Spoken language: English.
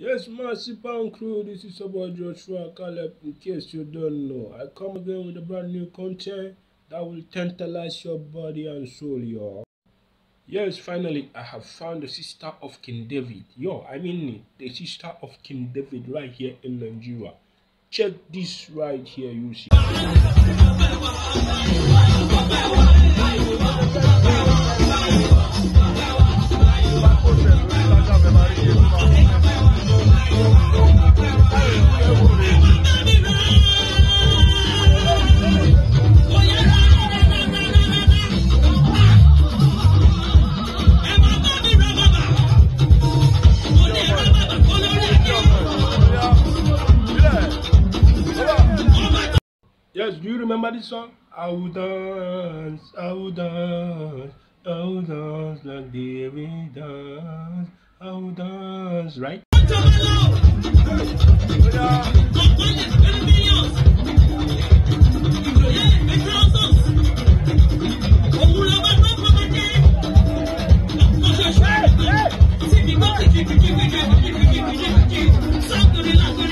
Yes, Massive and crew, this is about Joshua Caleb. In case you don't know, I come again with a brand new content that will tantalize your body and soul, y'all. Yes, finally, I have found the sister of King David. Yo, I mean the sister of King David right here in Nigeria. Check this right here, you see. Yes, do you remember this song? I will dance, I will dance, I will dance like the we dance, I will dance, right? Hey, hey.